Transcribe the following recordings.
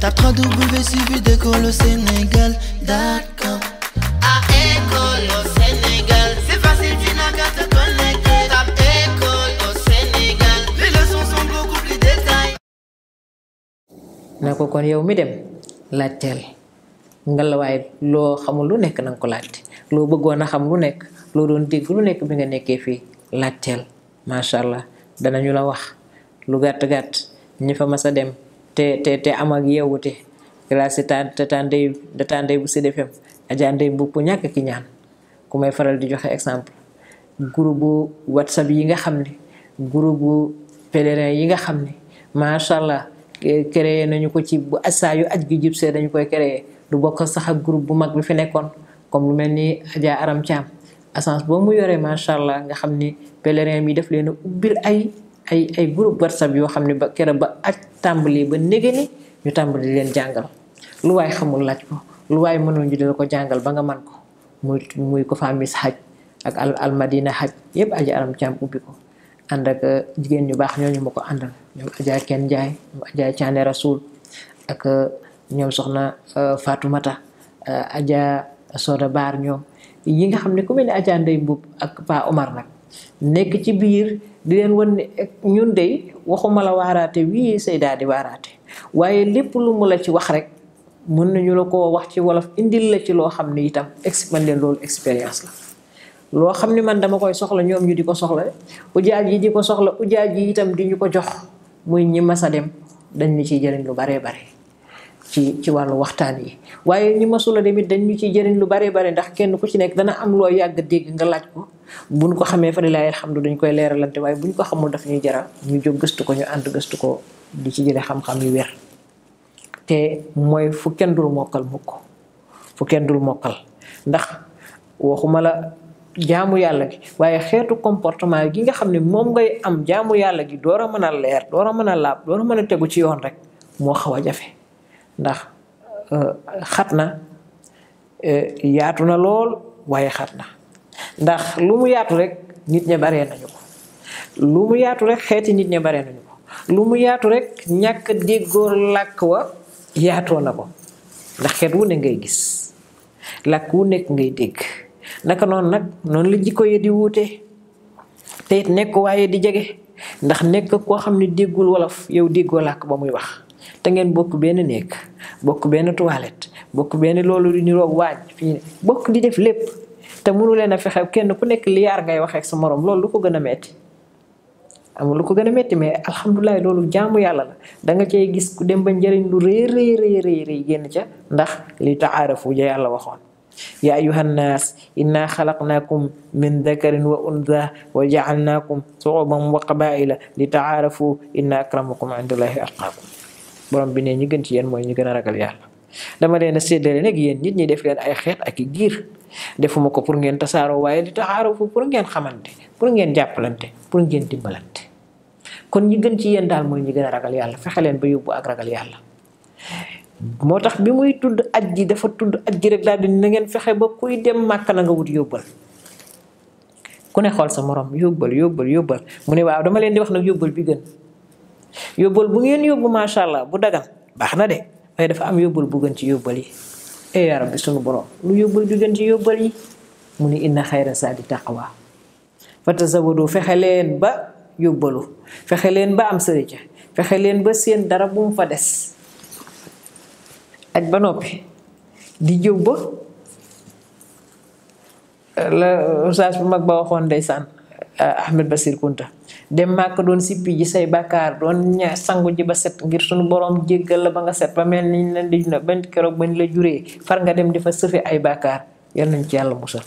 Tape www.suividecolosénégal.com À École au ko kon yow mi dem laajteel ngalawaay loo xamul lu nekk na nga loo bëggoon a xam lu nekk loo doon dégg lu nekk bi nga nekkee fii laajteel macha allah danañu la wax lu gàtt gàtt ñi fa mas a dem. te te te am ak yeewute grâce taan taan ndey ndey bu Sud FM Adja Ndeye Mboup ku ñàkk ki ñaan ku may faral di joxe exemple groupe bu whatsapp yi nga xam ni groupe bu pèlerin yi nga xam ni macha allah créé nañu ko ci bu saa yu aj gi jub see dañu koy créé du bokk sax ak groupe bu mag bi fi nekkoon comme lu mel ni Adja Aram Thiam assance boo mu yore macha allah nga xam ni pèlerin mi daf leen a ubbil ay ay ay groupe whatsapp yo xamni ba kéra ba acc tambali ba ndege ni ñu tambali leen jangal lu way xamul laaj ko lu way mënul ñu dina ko jangal ba nga man ko muy muy ko famis haj ak al al madina haj yeb aji aram cam ubbi ko ànd ak euh, jigéen ñu bax ñoo ñu mako andal ñoom aja ken jaay ñoom ajaa caane rasul ak euh, ñoom soxna euh, fatumata aja soda bar ñoom yi nga xam ku mel aja ndey mbub ak pa omar nak Nek ci biir di len won eh, ñun de waxuma la warate wii sey daa warate waye lepp lu mu la ci wax rek mën nañu la wax ci wolof indil la ci lo xamni itam man leen loolu expérience la lo xamni man dama koy soxla ñom ñu di soxla soxla jaaj yi diko soxla soxla jaaj yi itam di ko jox muy ñi massa dem dañ ni ci jëriñ lu bare bare ci ci walu waxtaan yi waye ñi masula demit dañ ñu ci jëriñ lu bare bare ndax kenn ku ci nek dana am lo yag nga laaj ko bu buñ ko xamee fa xam alhamdu dañ koy leeralante waaye buñ ko xamul daf ñuy jara ñu jóg gëstu ko ñu ànd gëstu ko di ci jëlee xam-xam yu wér te mooy fu kenn dul mokkal mukk fu kenn dul mokkal ndax waxuma la jaamu yàlla gi waaye xeetu comportement gi nga xam ne moom ngay am jaamu yàlla gi door a mën a leer door a mën a laab door a mën a tegu ci yoon rek moo xaw a jafe ndax euh, xat na euh, yaatu na lool waaye xat na ndax lu mu yaatu rek nit ña baree nañu ko lu mu yaatu rek xeeti nit ña baree nañu ko lu mu yaatu rek ñàkk déggoo làkk wa yaatoo na ko ndax xeet wu ne ngay gis làkk wu nekk ngay dégg naka noonu nag noonu la jikko yi di wuute te nekk waaye di jege ndax nekk koo xam ne déggul wolof yow déggoo làkk ba muy wax te ngeen bokk benn néeg bokk benn toilette bokk benn loolu di niroog waaj bokk di def lépp te mënu leen a fexe kenn ku nekk liyaar nga waxee ak sa morom loolu lu ko gën a metti amul lu ko gën a metti mais alhamdulilah loolu jaamu yàlla la danga nga cay gis ku dem ba njëriñ lu rëy rëy rëy génn ca ndax li taarafu ja yàlla waxoon ya yaa ayuha nnaas inna xalaqnaakum min dakarin wa untha wa jaalnaakum suuban wa qabaila li taarafu inna akramakum indallahi atqaakum borom bi ne ñi gën ci yéen mooy ñi gën a ragal yàlla nit ñi def leen ay xeet ak i giir defumako pour ngeen waye di taxaro fu pour ngeen xamanté pour ngeen jappalanté pour ngeen dimbalanté kon ñi gën ci yeen dal moy ñi gëna ragal yalla fexe leen ba yobbu ak ragal yalla motax bi muy tudd ajji dafa tudd ajji rek daal di na ngeen fexé ba kuy dem màkk na nga wut yobbal ku ne xol sa morom yobbal yobbal yobbal mu ne waaw dama leen di wax nak yobbal bi gën yobbal bu ngeen bu dagal baxna de waye dafa am yobbal bu gën ci yobbal yi e yaa rabbi sunu borom lu yóbbal jógeen ci yóbbal yi mu ni inna xayra saadi taqwa fa tazawadu fexe leen ba yóbbalu fexe leen ba am sërica fexe leen ba seen dara bu fa des aj ba noppi di jëw ba la saas bu mag ba waxoon ndeysaan Ahmed Basir Kunta dem màkk doon sippi ji say bakkaar doon ña sangu ji ba set ngir suñu borom jéggal la ba nga set ba mel niñ leen di na ba keroog ba ñu la juree far nga dem di fa sëfe ay bakkaar yal nañ ci yàlla musal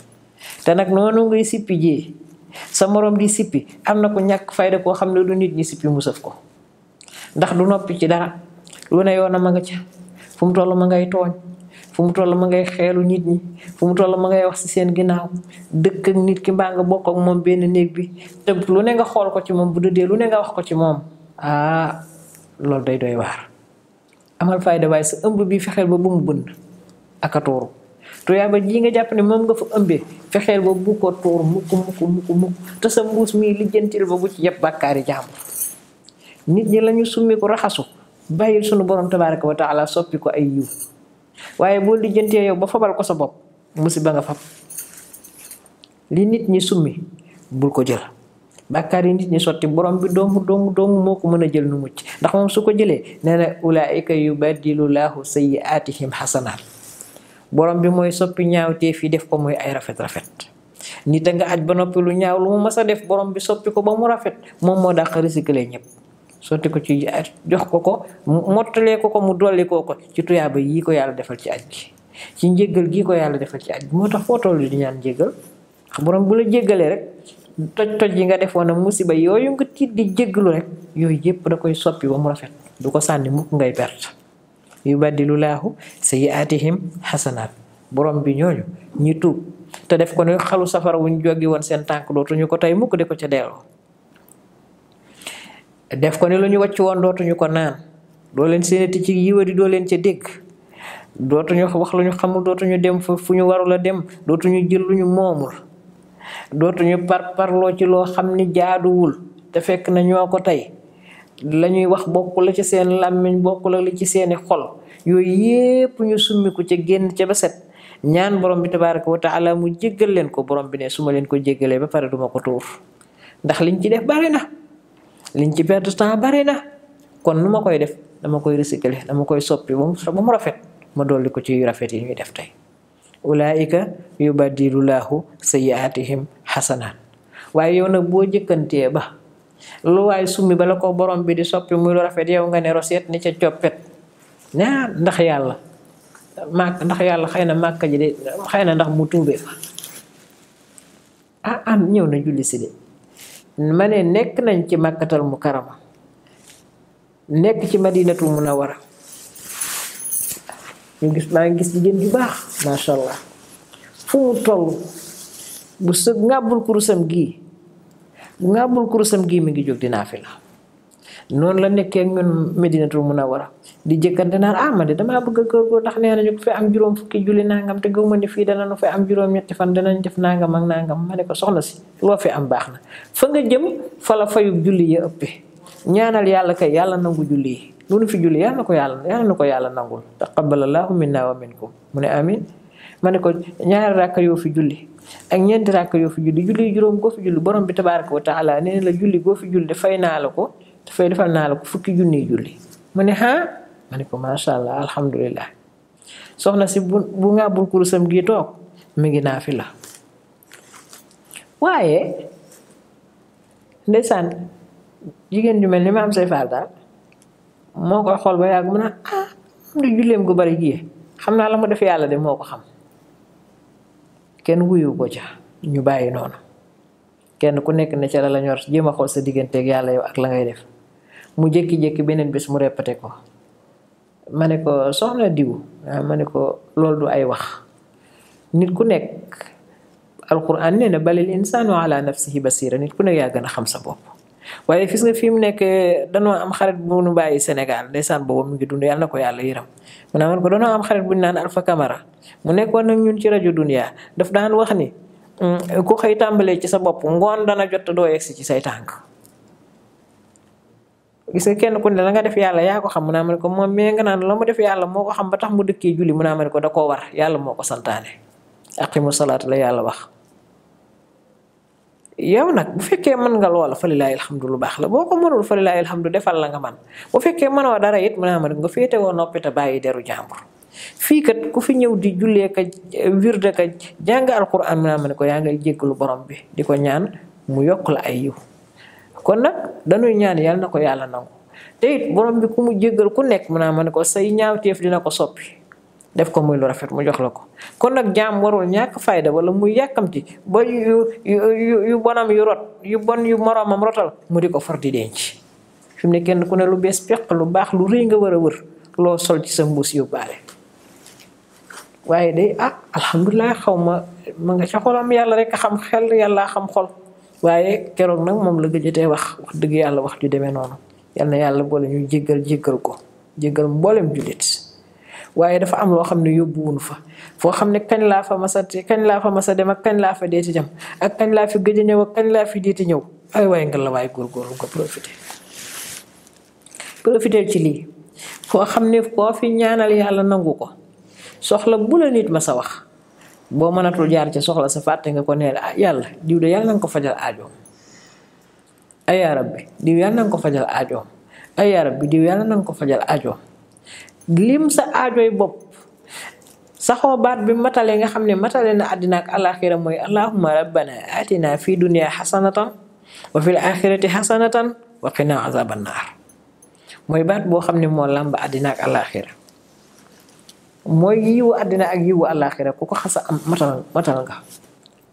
te nag noonu ngay sippi ji sa morom di sippi am na ku ñàkk fayda koo xam ne du nit ñi sippi musaf ko ndax du noppi ci dara lu ne yoon a ma nga ci fu mu toll ma ngay tooñ fu mu toll ma ngay ya xeelu nit ñi fu mu toll ma ngay ya wax ci seen ginnaaw dëkk ak nit ki mbaa nga bokk ak moom benn néeg bi te lu ne nga xool ko ci moom bu dëddee lu ne nga wax ko ci moom ah loolu day doy waar amal fayda waaye sa ëmb bi fexeel ba bu mu bënd ak a tuuru tuyaaba ji nga jàpp ne moom nga fa ëmbee fexeel ba bu ko tuur mukk mukk mukk mukk te sa mbuus mii lijjantil ba bu ci yeb bàkkaari nit ñi lañu summi ko raxasu bàyyil sunu borom tabaraka wa taala soppi ko ay yiw waye bo lijeenté yow ba fabal ko sa bop musiba nga fab li nit ñi summi bul ko jël bakari nit ñi soti borom bi dom dom dom moko mëna jël nu mucc ndax mom suko jëlé néna ulaika na yubadilu laahu borom bi moy soppi ñaawte fi def ko moy ay rafet rafet ni da nga aj ba nopi lu ñaaw lu mu def borom bi soppi ko ba mu rafet mo moo dàq recycler ñëpp sotti ko ci jox ko ko motale ko ko mu dolli ko ko ci tuyaaba yi ko yalla defal ci aji ci njéggal gi ko yalla defal ci aji motax fo tax di ñaan njéggal borom bu la jegalé rek toj toj yi nga defoon musiba yoyu nga tiit di jégglu rek yoy yep da koy soppi ba mu rafet du ko sanni mu ngay perte yubaddilu laahu sayiatihim hasanat borom bi ñooñu ñi tu te def ko ne xalu safara wuñ joggi won sen tank dootu ko tay mukk de ko ca delloo def ko ni lu ñu wacc woon dootuñu ko naan doo leen seenati ci yiwari do leen ci deg dootuñu wax luñu xamul dootuñu dem fuñu waru la dem dootuñu jël luñu momul dootuñu par parlo ci lo xamni ni jaaduwul te fekk na ñoko tay lañuy wax bokku la ci seen lamiñ bokku la ci seen xol yoy yépp ñu summiku ca génn ca ba set ñaan borom bi tabaaraku wa taala mu jéggal leen ko borom bi ne suma leen ko jéggalé ba paré duma ko tuur ndax liñ ci def bari na liñ ci perdre temps bare na kon numa koy def dama koy recycler dama koy soppi bu mu rafet ma doli ko ci rafet yi ñuy def tay ulaika yubaddilu lahu sayiatihim hasanat waaye yow nak bo jëkkantee ba lu way summi bala ko borom bi di soppi muy lu rafet yow nga ne roset ni ca ciopet na ndax yalla ya mak ndax yalla ya xeyna makka ji de xeyna ndax mu tuube ah am ñew na julli ci de ma ne nekk nañ ci mu mukarama nekk ci madinatul munawara ñu gis maa ngi gis jigéen ju baax macha allah fu mu toll bu sëg ngàbbul kurusam gii bu ngàbbul kurusam gii mu ngi jóg dinaa fi noonu la nekkee ñun Medinatul Munawara di jëkkante naan ah man de damaa bëgg a kër goo tax nee nañu am juróom fukki julli nangam te gëmuma ne fii danañu fi am juróom fan danañ def nangam ak nangam ma ne ko soxna si loo fi am baax na fa nga jëm fa la julli ya ëppee ñaanal yàlla kay yàlla nangu julli yi lu nu fi julli yàlla na ko yàlla yàlla na ko yàlla nangul taqabbalallahu minna wa minkum mu ne amin ma ne ko ñaari rakk yoo fi julli ak ñeenti rakk yoo fi julli julli juróom goo fi julli borom bi tabaraka wa taala nee la julli goo fi julli fay naa la ko dafay defal naa la ko fukki junni julli mu ne ha ma ne ko macha allah alhamdulilah soxna si bu bu ngàbbul kurusam gi toog mi ngi naa fi la waaye ndeysaan jigéen ju mel ni am say faal daal moo koy ba yàgg mu ah du na julleem gu bari jiyee xam naa la mu def yàlla de moo ko xam kenn wuyu ko ca ñu bàyyi noonu kenn ku nekk ne ca la la ñor jéem a xool sa digganteeg yàlla yow ak la ngay def mu jekki jekki benen bés mu répété ko mané ko soxna diw ah, mané ko lol du ay wax nit ku nek alquran nee na balil insanu ala nafsihi basira nit ku nekk ya gëna xam sa bop waye fis nga fi mu nekk danoo am xarit bu nu bàyyi senegal ndeysaan bo mu ngi dund yalla ko yàlla mu na man ko danoo am xarit bu nane alfa Alpha mu nek won ak ñun ci radio Dunia daf daan wax ni mm, ko xey tambale ci sa bop ngon dana jot do yex ci say tank gis nga kenn ku ne la nga def yàlla yaa ko xam mu naa ko moom mi nga naan la mo def yàlla moo ko xam ba tax mu dëkkee julli mu ya ko da koo war yàlla moo ko santaane aqimu salaat la yàlla wax yow nag bu fekkee mën nga loola fa lilaay alhamdu lu baax la boo ko mënul fa lilaay alhamdu defal la nga man bu fekkee mënoo dara it mu naa nga féete woo noppi te bàyyi deru jàmbur fii kat ku fi ñëw di jullee ka wirde ka jàng alquran mu naa ko yaa ngay jéggalu borom bi di ko ñaan mu yokk la ay yiw kon nag dañuy ñaan yàlla na ko yàlla nangu te it borom bi ku mu jéggal ku nekk mu naa ma ne ko say ñaawteef dina ko soppi def ko muy lu rafet mu jox la ko kon nag jaam warul ñàkk fayda wala muy yàkkamti ba yu yu bonam yu rot yu bon yu moroomam rotal mu di ko for denc fi mu ne kenn ku ne lu bees peq lu baax lu rëy nga war a wër loo sol ci sa mbuus yóbbaale waaye day ah alhamdulilah xaw ma ma nga ca xolam yàlla rek xam xel yàlla xam xol waaye keroog nag moom la gëjëtee wax wax dëgg yàlla wax ju demee noonu yal na yàlla boole ñu jéggal jéggal ko jéggal mboolem julit waaye dafa am loo xam ne yóbbuwunu fa foo xam ne kañ laa fa masa kañ laa fa masa dem ak kañ laa fa deeti jëm ak kañ laa fi gëj a ñëw ak kañ laa fi deeti ñëw ay waaye nga la waaye góorgóorlu nga profité profité ci lii foo xam ne koo fi ñaanal yàlla nangu ko soxla bu la nit ma sa wax bo manatul jaar ci soxla sa fatte nga ko neel ah yàlla diw de yalla nang ko fajal aajo ay eh, ya rabbi diw yalla nang ko fajal aajo ay eh, ya rabbi diw yalla nang ko fajal aajo glim sa aajoy bopp saxoo baat bi matale nga xamne matale na adina ak alakhirah moy allahumma rabbana atina fi dunia hasanatan wa fil akhirati hasanatan wa qina azaban naar mooy baat bo xamne mo moo adina ak alakhirah mooy yiwu àddina ak yiwu àllaaxira ku ko xasa am matal matal nga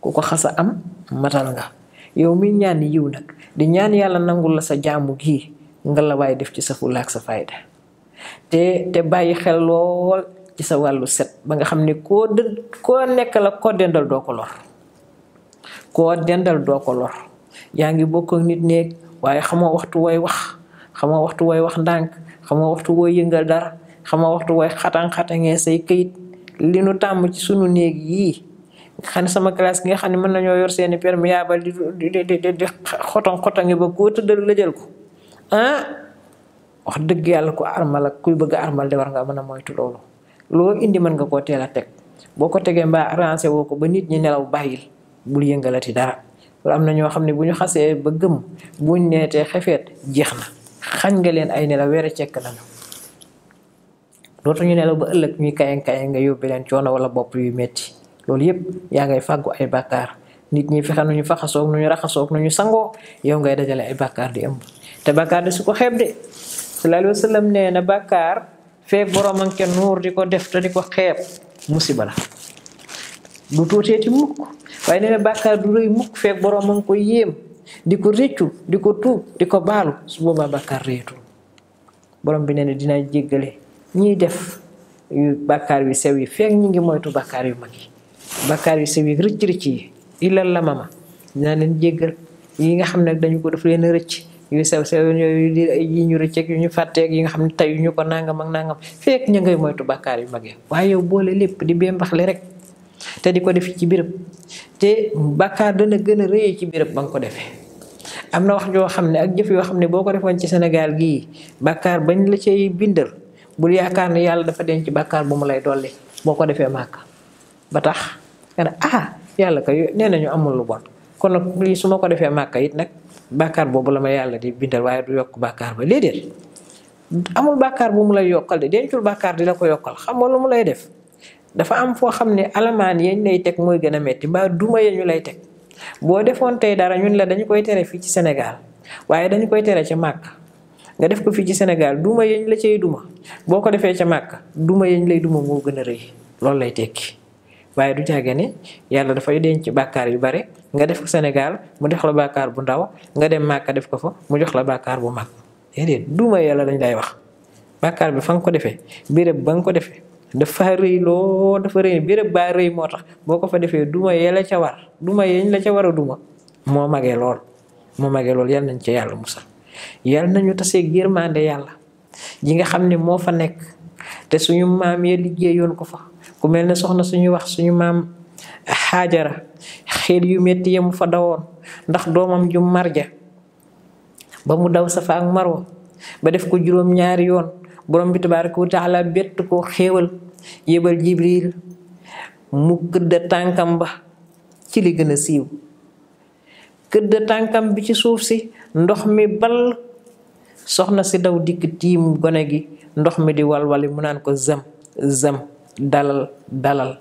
ku ko xasa am matal nga yow mi ñaan yiw nag di ñaan yàlla nangul la sa jaamu gii nga la waaye def ci sa fulaak ak sa fayda te te bàyyi xel lool ci sa wàllu set ba nga xam ne ko dë koo nekk la koo dendal doo ko lor koo dendal doo ko lor yaa ngi bokk ak nit néeg waaye xamoo waxtu woy wax xamoo waxtu woy wax ndànk xamoo waxtu wooy yëngal dara xama waxtu way xatan xatangé say kayit li nu tam ci sunu neeg yi xane sama classe nga xamne mën nañu yor seen permis ya ba di di di xoton xotangi ba ko teudal la jël ko ah wax deug yalla ko armal ak kuy bëgg armal de war nga mëna moytu lolu lo indi man nga ko téla tek boko tege mba arranger woko ba nit ñi nelaw bayil bul yëngalati dara lu am na xamni xam ne bu ñu xasee ba gëm buñ neetee xefeet xañ nga leen ay nelaw wéré cekk nañu dootu ñu ne ba ëlëk ñuy kayen kayen nga yóbbe len coono wala bop yu metti lool yépp ya ngay fàggu ay bakkar nit ñi fexe nu ñu faxasoog nu ñu raxasoog nu ñu sango yow ngay dajalé ay bakkar di ëmb té bakkar di su ko xeeb de sallallahu alayhi wasallam nee na bàkkaar borom ak ke nur di ko def te di ko heb musiba la du ci mukk way nee bakkar du reuy mukk feeg boromam ko di ko réccu di ko diko di ko baalu su boobaa bàkkaar réetu borom bi nee dina jéggalé ñi def yu bakkar yu sew yi feeg ñi ngi moytu bakkar yu mag yi yu sew yi rëcc rëcc yi ilal la mama dinaa leen jéggal yi nga xam ne dañu ko def leen rëcc yu sew sew yooyu di yi ñu rëcceeg yu ñu fàtteeg yi nga xam ne tayu ñu ko nangam ak nangam feek ñu ngay moytu bakkar yu mag yi ya. waaye yow boole lépp di bee mbaxle rek te di ko def ci birëb te bakkar dana gën a rëyee ci birëb ba nga ko defee am na wax joo xam ne ak jëf yoo xam ne boo ko defoon ci Sénégal gii bakkaar bañ la cay bindal bul yaakaar ni yàlla dafa denc bàkkaar bu mu lay dolli boo ko defee màkk ba tax nga ne ah yàlla kay nee nañu amul lu bon kon nag lii su ma ko defee màkk it nag bàkkaar boobu la ma yàlla di bindal waaye du yokk bàkkaar ba déedéet amul bàkkaar bu mu lay yokkal de dencul bàkkaar di la ko yokkal xam nga lu mu lay def dafa am foo xam ne alamaan yañ lay teg mooy gën a metti mbaa duma yañu lay teg boo defoon tey dara ñun la dañu koy tere fii ci senegal waaye nga def ko fii ci Sénégal duma yañ la cay duma boo ko defee ca màkk duma yañ lay duma moo gën a rëy loolu lay tekki waaye du caage ne yàlla dafay denc bàkkaar yu bare nga def ko mu def la bàkkaar bu ndaw nga dem màkk def ko fa mu jox la bàkkaar bu mag déedéet duma yàlla lañ lay wax bàkkaar bi fa nga ko defee ba nga ko defee dafa rëy loo dafa rëy béréb baa moo tax boo ko fa defee duma yee la ca war duma yeñ la ca war a duma moo magee lool moo magee lool yàlla nañ ca yàlla musal yal ñu taseeg yërmande yàlla ji nga xam ne moo fa nekk te suñu maam ya liggéeyoon ko fa ku mel ne soxna suñu wax suñu maam xaajara xel yu metti ya mu fa dawoon ndax doomam ju marja ba mu daw safa ak marwa ba def ko juróom ñaari yoon borom bi tabaraka wa taala bett ko xéewal yébal jibril mu gëdda tànkam ba ci li gën a siiw gëdda tànkam bi ci suuf si ndox mi bal soxna si daw dikk tiim gone gi ndox mi di walwali mu naan ko zëm zëm dalal dalal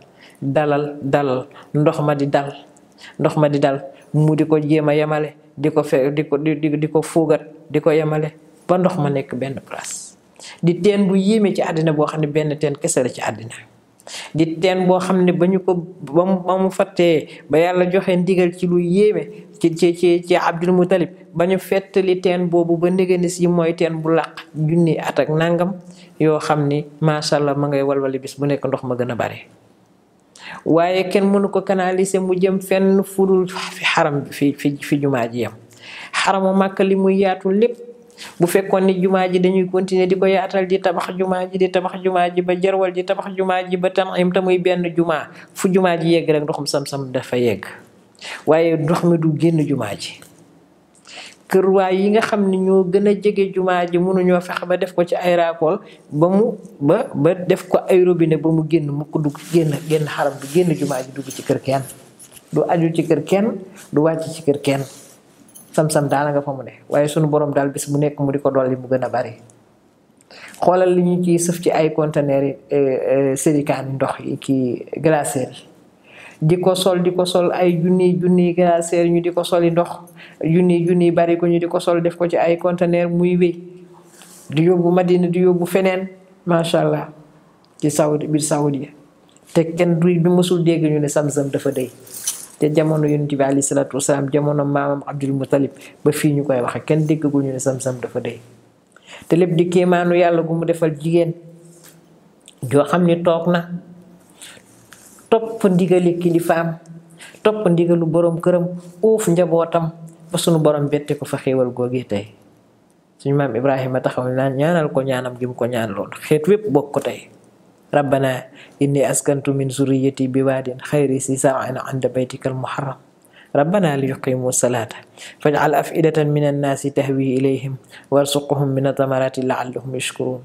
dalal dalal ndox ma di dal ndox ma di dal mu di ko jéem a yemale di ko fe di ko di di ko fuugat di ko yemale ba ndox ma nekk benn place di teen bu yéeme ci àddina boo xam ne benn teen kese ci àddina di ten bo xamne bañu ko bamu mu ba mu fattee ba yàlla joxe ndigal ci lu yéeme ci ci ci abdul mutalib bañu ñu fettali teen boobu ba ndéganis ci moy ten bu laq junni at ak nangam yo xam ma sha allah ma ngay walwali bis bu nek ndox ma gëna bari waye ken mënu ko canaliser mu jëm fenn fudul fi haram fi fi jumaaji yam haram màkk yaatu lepp bu fekkoon ni jumaa ji dañuy continuer di yaatal di tabax jumaa ji di tabax jumaa ji ba jarwal di tabax jumaa ji ba tanim ta muy benn juma fu jumaa ji yegg rek doxum sam-sam dafa yegg waye ndox mi du genn jumaa ji kër waay yi nga xamni ño gëna jëgé a jege jumaa ji ba def ko ci ay raakool ba mu ba ba def ko ay robiné ba mu genn mu ko dugg genn genn haram du genn jumaaji ji ci kër kenn du aju ci kër kenn du wacc ci kër kenn sam-sam daana nga fa mu ne waaye sunu borom daal bis mu nekk mu di ko dolli mu gën a bari xoolal li ñu ciy sëf ci ay conteneur yi eh, eh, sérikaani ndox yi kii glacière di ko sol di ko sol ay junniy junniy ñu di ko soli ndox junniy junniy bari ko ñu di ko sol def ko ci ay conteneur muy wéy di yóbbu Madina di yóbbu feneen macha allah ci Saudi biir Saudi te kenn du bi mësul dégg ñu ne sam dafa dëy te jamono yonent bi alayhi salaatu wasalaam jamono maamam Abdul Mutalib ba fii ñu koy waxe kenn déggagul ñu ne sam-sam dafa dee te lépp di kéemaanu yàlla gu mu defal jigéen joo xam ni toog na topp ndigali kilifaam topp ndigalu borom këram uuf njabootam ba borom bette ko fa xéewal googee tey suñu maam Ibrahima taxaw naan ñaanal ko ñaanam gi mu ko ñaan lool xeet wépp bokk ko tey rabbana inni askantu min zurriyati bi waadin xayri si samin inda baytika almuharram rabbana li yuqimu salaata fajal afidatan min annaasi tahwi ilayhim warsuqhum min athamarati laallahum yashkurun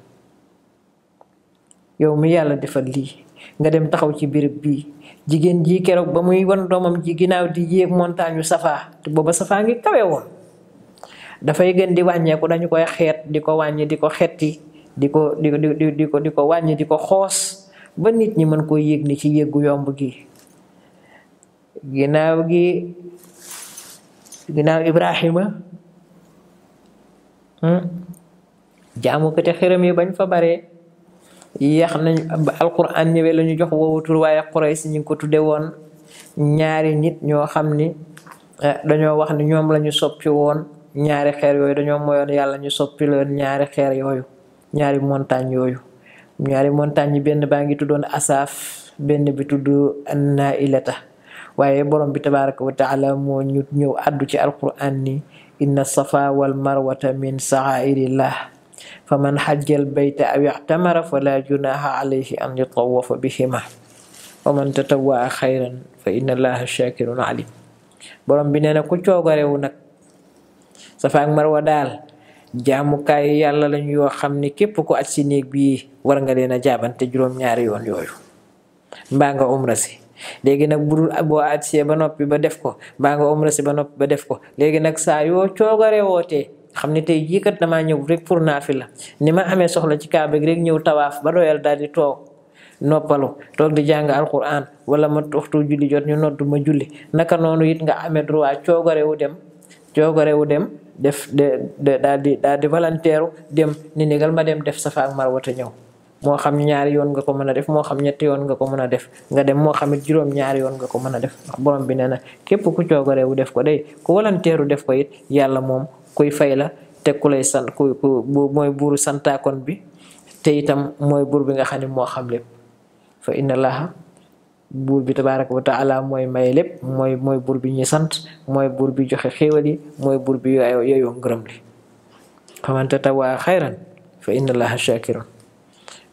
yow mi yàlla defal lii dem taxaw ci béréb bi jigéen ji keroog ba muy wan doomam ji ginnaaw di yéeg montagne safaa booba safaa ngi kawe woon dafay gën di wàññeeku dañu koy xeet di ko wàññi di ko xetti di ko di ko di ko wàññi di ko xoos ba nit ñi mën koo yëg ni ci yëggu yomb gi ginaaw gi ginnaaw Ibrahima hmm, jaamukati xërëm yi bañ fa bare yax nañ alquran ñëwee la ñu jox woowatul waaye Quraysh ñi ngi ko tudde woon ñaari nit ñoo xam ni eh, dañoo wax ni ñoom lañu soppi woon ñaari xeer yooyu dañoo moyoon yàlla ñu soppi loon ñaari xeer yooyu ñaari montagne yooyu ñaari montagne yi benn baa ngi tuddoon asaaf benn bi tudd nailata waaye borom bi tabaraka wa moo ñu ñëw addu ci alquran ni inna safa wal marwata min saairillah fa man xajjal bayta aw ictamara fala junaha alayhi an yatawafa bihima wa man tatawaa xayran fa inna allaha shakirun borom bi nee ku coogarewu nag safa ak marwa daal jaamukaayu yàlla lañu yoo xam ni képp ko aj si néeg bii war nga leen a jaabante juróom-ñaari yoon yooyu mbaa nga umra si léegi nag bu dul boo aj ba noppi ba def ko mbaa nga si ba noppi ba def ko léegi nag saa yoo coogaree wootee xam ne tey jii kat damaa ñëw rek pour naafi la ni ma amee soxla ci kaaba gi rek ñëw tawaaf ba doyal daal di toog noppalu toog di jàng alquran wala ma waxtu julli jot ñu noddu ma julli naka noonu it nga amee droit coogarewu dem coogarewu dem def de daal di daal di volontaire dem ni négal ma dem def safa ak marwa te ñëw moo xam ñaari yoon nga ko mën a def moo xam ñetti yoon nga ko mën a def nga dem moo xam it juróom-ñaari yoon nga ko mën a def ndax borom bi nee na képp ku coogareewu def ko day ku volontaire def ko it yàlla moom kuy fay la te ku lay sant ku ku mooy buuru santaakoon bi te itam mooy buur bi nga xam ne moo xam lépp fa inna laha buur bi tabaraka wa taala mooy may lépp mooy mooy buur bi ñuy sant mooy buur bi joxe xéewal yi mooy buur bi yooyu ngërëm li xamante tawaa xayran fa inna allaha shakirun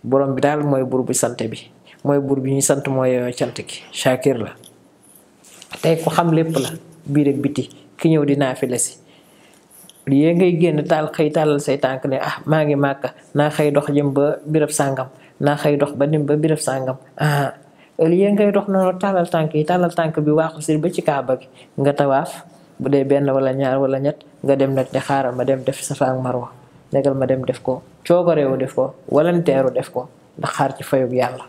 bi daal mooy buur bi sant bi mooy buur bi ñuy sant mooy yooyu cant ki shakir la tey ko xam lépp la biir biti ki ñëw dinaa fi lesi lii ngay génn taal xëy taalal say tànk ne ah maa ngi màkka naa xëy dox jëm ba birab sàngam naa xëy dox ba dem ba birab sàngam ah lieu ngay dox na talal tànk yi tàllal tànk bi waaxu si ba ci kaaba gi nga tawaf bu dee benn wala ñaar wala ñett nga dem nag ne xaaral ma dem def safa ak marwa negal ma dem def ko coogareewu def ko walanteeru def ko da xaar ci fayub yàlla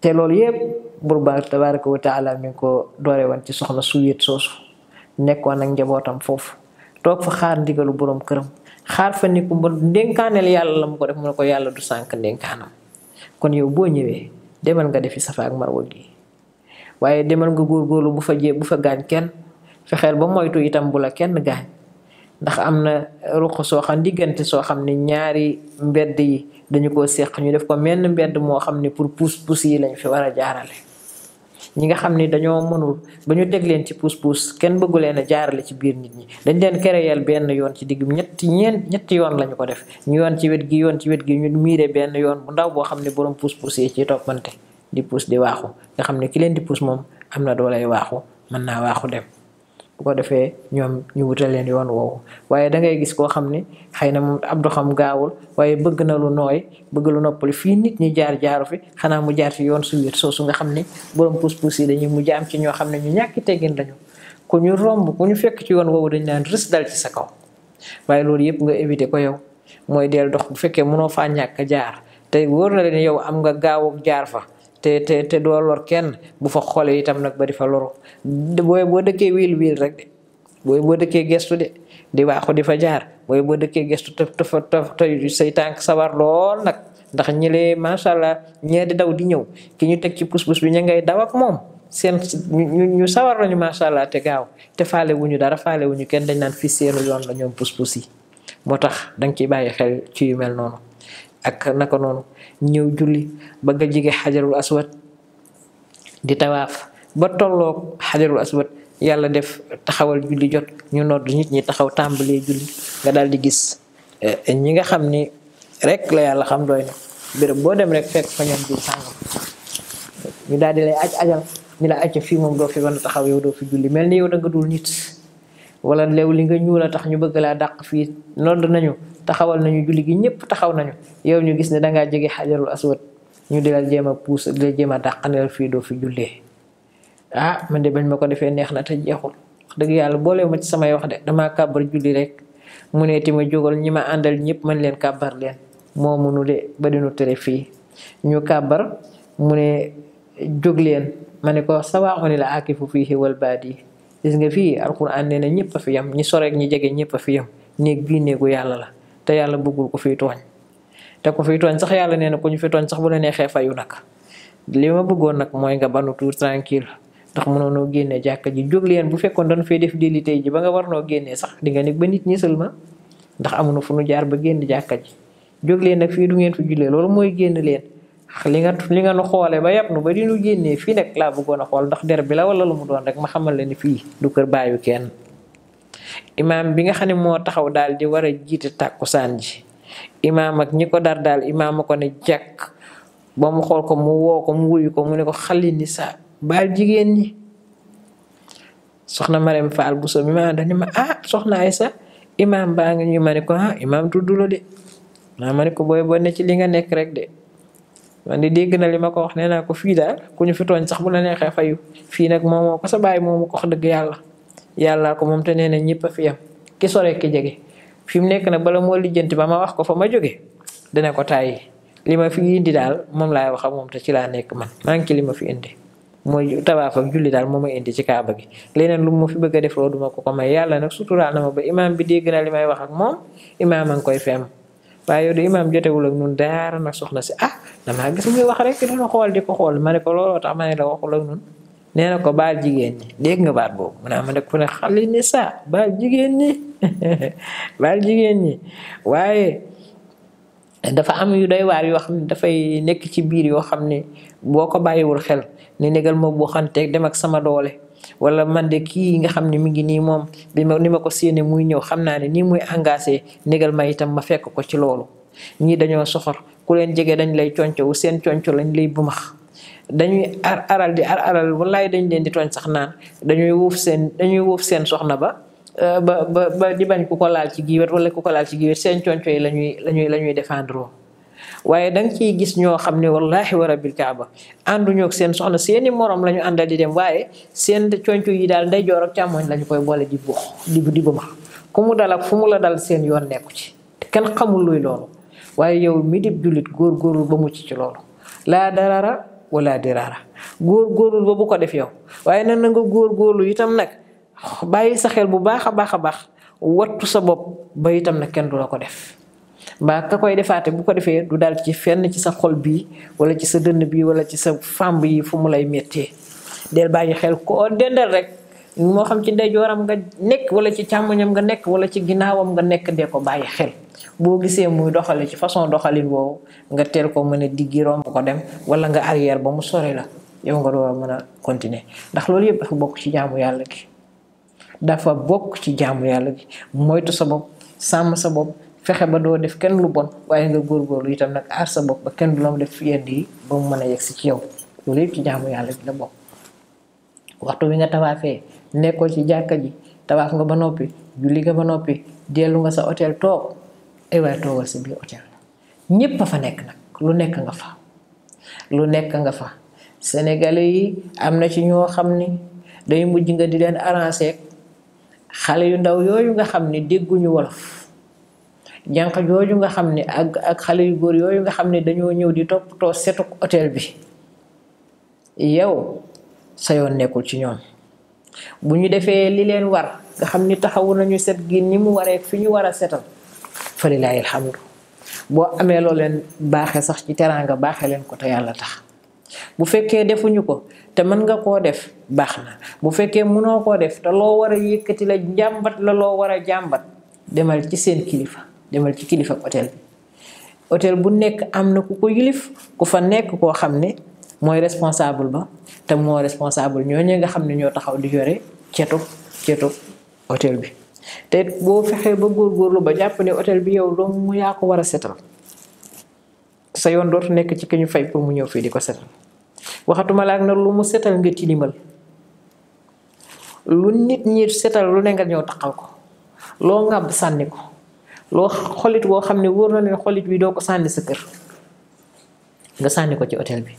te loolu yépp bur ba tabaraka wa taala mi ko doore woon ci soxna su soosu nekkoon ak njabootam foofu toog fa xaar ndigalu borom këram xaar fa ni ndénkaaneel yàlla ko def mu ne ko yàlla du sànk ndénkaanam kon yow boo ñëwee demal nga defi safa ak marwa gi waaye demal nga góorgóorlu bu fa jee bu fa gaañ kenn fexeel ba moytu itam bu la kenn gaañ ndax am na ruq soo xam diggante soo xam ne ñaari mbedd yi dañu ko seq ñu def ko menn mbedd moo xam ne pour puus puus yi lañ fi war a jaarale ñi nga xam ni dañoo mënul ba ñu teg leen ci puus-puus kenn bëggu leen a jaarale ci biir nit ñi dañ leen créer benn yoon ci digg ñetti ñeen ñetti yoon la ñu ko def ñu yoon ci wet gi yoon ci wet gi ñu miire benn yoon bu ndaw boo xam ne borom puus-puus yi ci toppante di puus di waaxu nga xam ne ki leen di puus moom am na doolay waaxu mën naa waaxu dem bu ko defee ñoom ñu wutal leen yoon woowu waaye da ngay gis koo xam ni xëy na moom ab doxam gaawul waaye bëgg na lu nooy bëgg lu noppali fii nit ñi jaar jaaru fi xanaa mu jaar ci yoon su wér soosu nga xam ni borom puus-puus yi dañuy mujj am ci ñoo xam ne ñu ñàkki teggin lañu ku ñu romb ku ñu fekk ci yoon woowu dañ naan rës dal ci sa kaw waaye loolu yëpp nga éviter ko yow mooy deel dox bu fekkee mënoo faa ñàkk jaar te wóor na leen yow am nga gaaw jaar fa te te te doo lor kenn bu fa xoolee itam nag ba di fa loru booy boo dëkkee wiil wiil rek de booy boo dëkkee gestu de di waaxu di fa jaar booy boo dëkkee gestu te te te say tànk sawar lool nag ndax ñi lee macha allah ñee di daw di ñëw ki ñu teg ci pus-pus bi ña ngay daw moom seen ñu ñu sawar lañu macha allah te gaaw te faale wu ñu dara faale wu ñu kenn dañ naan fi seenu yoon la ñoom pus-pus yi moo tax danga ciy bàyyi xel ci yu noonu. ak nako noonu ñew julli ba nga jige hajarul aswad di tawaf ba tolo hajarul aswad yalla def taxawal julli jot ñu nodd nit ñi taxaw tàmbalee julli nga dal di gis eh, ñi nga xamni rek la yalla xam doy na bir bo dem rek fek fa ñam di sàngam ñu dal di lay aj ajal ni la acc fi mom do fi mën taxaw yow do fi julli mel yow da nga dul nit wala lew li nga la tax ñu bëgg laa dàq fii nodd nañu taxawal nañu julli gi ñepp taxaw nañu yow ñu gis ne dangaa jege hajarul aswad ñu dilal jema pous dilal jema di fi do fi julle ah man de bañ mako defé neex na te jeexul yalla bo lew ma ci sama wax de dama kàbbar julli rek mu ne ti ma jógal ñima andal ñepp man leen kàbbar leen moo munu de ba dinu téré fi ñu kàbbar mu ne jog leen mané ko la akifu fihi wal badi gis nga fii alquran nee na ñëpp a fi yem ñi soreek ñi jege ñëpp a fi yem néeg bii néegu yàlla la te yàlla bëggul ko fiy tooñ te ku fiy tooñ sax yàlla nee na ku ñu fi tooñ sax bu la neexee fayu nag li ma bëggoon nag mooy nga banu tuur tranquille ndax mënoonoo génne jàkka ji jóg bu fekkoon dañu fee def délité ji ba nga war noo génnee sax di nga ba nit ñu seulement ndax amuñu fu nu jaar ba génn jàkka ji jóg leen nag fii du ngeen fi jullee loolu mooy génn leen li nga li nga nu xoolee ba yàpp nu ba di nu génnee fii nag laa bëggoon a xool ndax der bi la wala lu mu doon rek ma xamal la ni fii du kër baayu kenn imaam bi nga xam ne moo taxaw daal di war a jiite tàkkusaan ji imaam ak ñi ko dar daal ko ne jàkk ba mu ko mu woo ko mu wuyu mu ne ko xali ni sa baal jigéen ñi soxna Marème Fall bu so mi ma ah imaam baa nga ma ne ko ah imaam tudd de ma ne booy boo ne ci li nga nekk rek de man di dégg na li ma ko wax nee naa ko fii daal ku ñu fi tooñ sax bu la neexee fayu fii nag moom moo ko sa bàyyi moom ko wax dëgg yàlla yàllaa ko moom te nee na ñëpp a fi yam ki sore ki jege fi mu nekk nag bala moo lijjanti ba ma wax ko fa ma jóge dana ko tàyyi li ma fi indi daal moom laay wax ak moom te ci laa nekk man maa ngi ci li ma fi indi mooy tawaaf ak julli daal moo ma indi ci kaaba gi leneen lu ma fi bëgg a def loo duma ko ko may yàlla nag suturaal na ma ba imaam bi dégg na li may wax ak moom imaam a koy fem waaye yow de imaam jotewul ak nun daara nag soxna si ah damaa gis muy wax rek dama xool di ko xool ma ne ko looloo tax ma ne la waxul ak nun nee na ko baal jigéen ñi dégg nga baat boobu mu ma ne ko ne xali ni sa baal jigéen ñi jigéen ñi waaye dafa am yu doy waar yoo xam ne dafay nekk ci biir yoo xam ne boo ko bàyyiwul xel ni négal ma bu xanteeg dem ak sama doole wala man de kii nga xam ne mi ngi nii moom bi ma ni ma ko séenee muy ñëw xam naa ne nii muy engagé négal ma itam ma fekk ko ci loolu ñii dañoo soxor ku leen jege dañ lay concowu seen conco lañ lay bumax dañuy ar aral di ar aral wallaay dañ leen di tooñ sax naan dañuy wuuf seen dañuy wuuf seen soxna ba euh, ba ba ba di bañ ku ko laal ci giiwet wala ku ko laal ci giiwet seen conco yi lañuy lañuy la ñuy défendre waaye da nga ciy gis ñoo xam ne wallaahi wa rabbil kaaba ànduñoog seen soxna seeni moroom la ñu àndal di dem waaye seen conco yi daal ndeyjoor ak càmmoñ la ñu koy boole di bu di bu di ba ma ku mu dal fu mu la dal seen yoon nekku ci kenn xamul luy loolu waaye yow mi dib jullit góor-góorlu ba mucc ci loolu laa darara wala dirara góor-góorlu ba bu ko def yow waaye nag na nga góor-góorlu itam nag bàyyi sa xel bu baax a baax a baax wattu sa bopp ba itam nag kenn du la ko def mbaa ka koy defaate bu ko defee du dal ci fenn ci sa xol bii wala ci sa dënn bii wala ci sa fàmb yi fu mu lay méttee del bàyyi xel koo dendal rek moo xam ci ndeyjooram nga nekk wala ci càmmoñam nga nekk wala ci ginnaawam nga nekk dee ko bàyyi xel boo gisee muy doxali ci façon doxalin woowu nga teel ko mën a diggi romb ko dem wala nga arrière ba mu sore la yow nga door a mën a continuer ndax loolu yëpp dafa bokk ci jàmm yàlla gi dafa bokk ci jàmm yàlla gi moytu sa bopp sàmm sa bopp fexe ba doo def kenn lu bon waaye nga lu itam nag aar sa bopp ba kenn du la def yendi yi ba mu mën a yegg si ci yow loolu yëpp ci jaamu yàlla bi la bokk waxtu wi nga tawaafee nekkoo ci jàkka ji tawaaf nga ba noppi julli nga ba noppi dellu nga sa hôtel toog ay waay toogal si biir hôtel ñépp fa nekk nag lu nekk nga fa lu nekk nga fa sénégalais yi am na ci ñoo xam ni day mujj nga di leen arrangé xale yu ndaw yooyu nga xam ni dégguñu wolof jànq jooju nga xam ne ak ak xale yu góor yooyu nga xam ne dañoo ñëw di toppatoo setuk hôtel bi yow sa yoon nekkul ci ñoom bu ñu defee li leen war nga xam ni taxawu nañu set gi ni mu waree fi ñu war a setal fa lilaay alhamdu boo amee loo leen baaxee sax ci teraanga baaxe leen ko te yàlla tax bu fekkee defuñu ko te mën nga koo def baax na bu fekkee mënoo koo def te loo war a yëkkati la jàmbat la loo war a jàmbat demal ci seen kilifa demal ci kilifa hotel bi hôtel bu nek amna ku ko yilif ku fa nek ko xamne moy responsable ba te mo responsable ñooñu nga xamne ñoo taxaw di yore cetu cetu hotel bi te bo fexé ba lu ba japp ne hotel bi yow dong mu ya ko wara setal sa yon dort nek ci kiñu fay pour mu ñew fi diko setal waxatuma laag na lu mu setal nga tilimal lu nit ñi setal lu ne nga ñoo taxaw ko lo nga sànni loo xolit woo xam ne wóor na ne xolit bi doo ko sànni sa kër nga sànni ko ci hôtel bi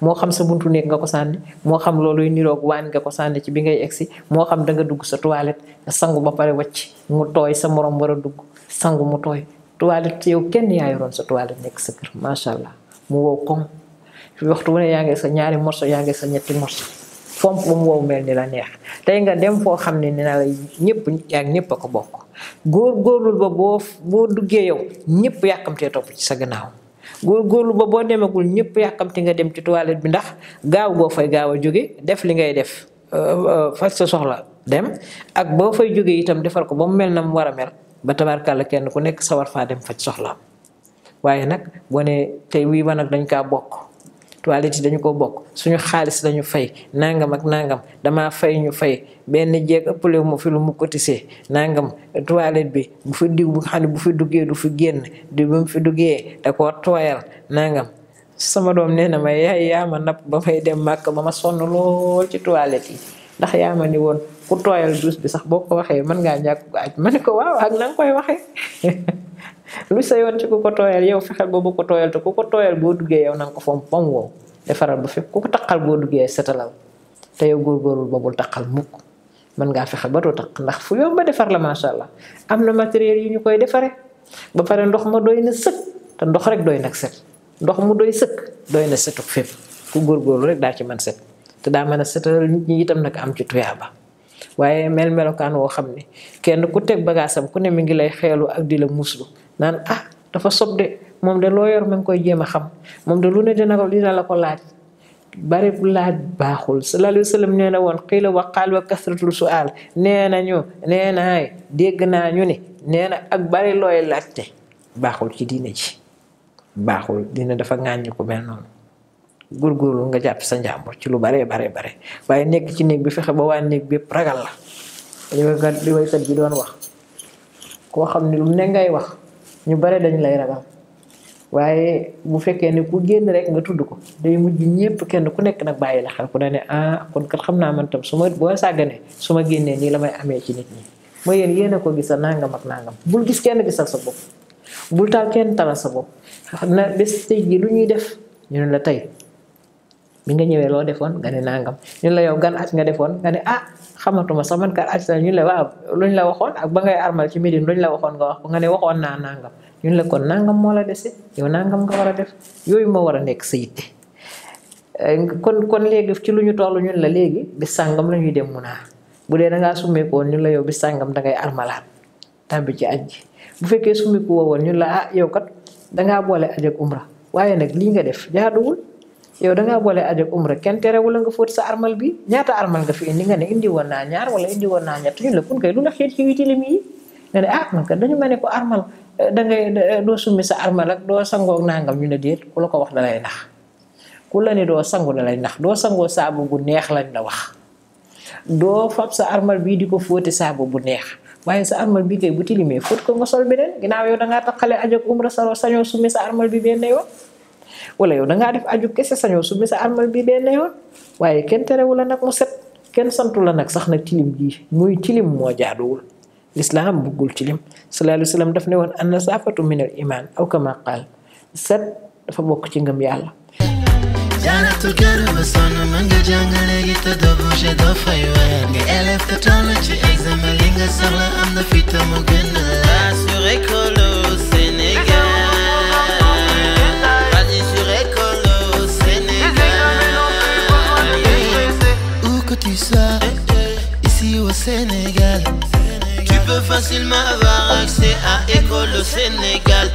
moo xam sa buntu nekk nga ko sànni moo xam looluy niroog waan nga ko sànni ci bi ngay si moo xam danga dugg sa toilette nga sangu ba pare wàcc mu tooy sa moroom war a dugg sangu mu tooy toilette yow kenn yaa yoroon sa toilette nekk sa kër macha allah mu wow koŋ waxtu wu ne yaa ngi sa ñaari morso yaa ngi sa ñetti morso fomp mu wo mel ni la neex tay nga dem fo xam ni na ñepp la ñëpp ak ñëpp ko bokk gor gorul ba bo bo duggé yow ñepp yàkkamtee top ci sa gannaaw gor gorul ba bo demagul ñepp yàkkamti nga dem ci toilette bi ndax gaaw go fay gaaw joggé def li ngay def euh, euh, fa sa soxla dem ak bo fay joggé itam defar ko ba mel na mu war mel ba tabarakallah kenn ku nekk sawar fa dem fa ci soxla waye nak ne tay wi ba nak dañ ka bokk toilette yi dañu ko bokk suñu xaalis lañu fay nangam ak nangam damaa fay ñu fay benn jeeg ëppale wu ma fi lu mu cotisé nangam toilette bi bu fi diw bu xam ne bu fi duggee du fi génn di fi duggee da ko tooyal nangam. sama doom nee na ma yaay yaa ma napp ba may dem màkk ba ma sonn lool ci toilette yi ndax yaa ni woon pour tooyal douche bi sax boo ko waxee mën ngaa ñàkk ko aj ma ne ko waaw ak nan koy waxee luy sa yoon ci ku ko tooyal yow fexeel ba bu ko tooyal te ku ko tooyal boo duggee yow na ko fomp ba mu defaral ba fépp ku ko taqal boo duggee setalal te yow góorgóorlu ba bul taqal mukk mën ngaa fexe ba doo taq ndax fu yomb ba defar la macha allah am na matériel yu ñu koy defaree ba pare ndox ma doy na sëkk te ndox rek doy nag set ndox mu doy sëkk doy na setuk fépp ku góorgóorlu rek daa ci mën set te daa mën a setal nit ñi itam nag am ci tuyaaba waaye mel melokaan woo xam ne kenn ku teg bagaasam ku ne mi ngi lay xeelu ak di la muslu naan ah dafa sob de moom de loo yor koy jéem a xam moom de lu ne dina ko dina la ko laaj bari laaj baaxul sallallahu alayhi nee na woon xiila wa qaal wa kasratul su'aal nee na nee naay dégg naa ñu ne nee na ak bari looy laajte baaxul ci diine ji baaxul dina dafa ŋàññi ko mel noonu gur nga japp sa njàmbur ci lu bare bare bare waye nek ci nek bi fexé ba waa nek bi ragal la li di way sa bi doon wax ko xamni lu ne ngay wax ñu bare dañ lay ragal waye bu fekke ni ku genn rek nga tuddu ko day mujj ñepp kenn ku nek nak bàyyi la xel ku ne ah kon kat xamna man tam suma bo sagane suma genné ni lamay amé la ci nit ñi mooy yeen yéen ko nga nangam ak nangam bul gis kenn gisal sa bop bul ta kenn talal sa bop na bes tay gi lu ñuy def ñu la tay bi nga ñëwee loo defoon nga ne nangam ñun la yow gan aj nga defoon nga ne ah xamatuma sax man kat aj la ñun la waaw luñ la waxoon ak ba ngay armal ci Médine luñ la waxoon nga wax ko nga ne waxoon naa nangam ñun la kon nangam moo la dese yow nangam nga war a def yooyu moo war a nekk sa yitte eh, kon kon léegi ci lu ñu toll ñun la léegi bi sàngam la ñuy dem mun a bu dee da ngaa summeeku la yow bi sàngam da ngay armalaat tàbbi ci aj ji bu fekkee summeeku woon ñun la ah yow kat dangaa boole aj ak umra waaye nag lii nga def jaaduwul yow da nga boole ajak umra ken tere wala nga ah, eh, eh, sa armal bi ñaata armal nga fi indi nga ne indi woon ñaar wala indi woon naa ñu la kun kay lu la xeet ci witi limi yi nga ne ah man ka dañu ko armal da ngay do summi sa armal ak sango ak nangam ñu ne déet ku la ko wax da lay nax ku la ne do sango da lay nax do sango saabu bu neex lañ la wax do fab sa armal bi di ko sa saabu bu neex waye sa armal bi kay bu tilimee fot ko nga sol benen ginaaw yow da nga ajak umra sa sañu summi sa armal bi benn yoon wala yow da ngaa def aju kese sañoo su mi sa armal bi benn yoon waaye kenn terewu la nag mu set kenn santu la nag sax nag tilim gii muy tilim moo jaaduwul lislaam buggul tilim sallallahu alayhi wa sallam daf ne woon an nasaafatu min al iman aw kama qaal set dafa bokk ci ngëm yàlla jaanatul kër ba sonn mën nga jàng léegi te doo doo fay weer nga élève te toll ci examen li nga soxla am na fi mu gën la ici au Sénégal. Tu peux facilement avoir accès à École au Sénégal.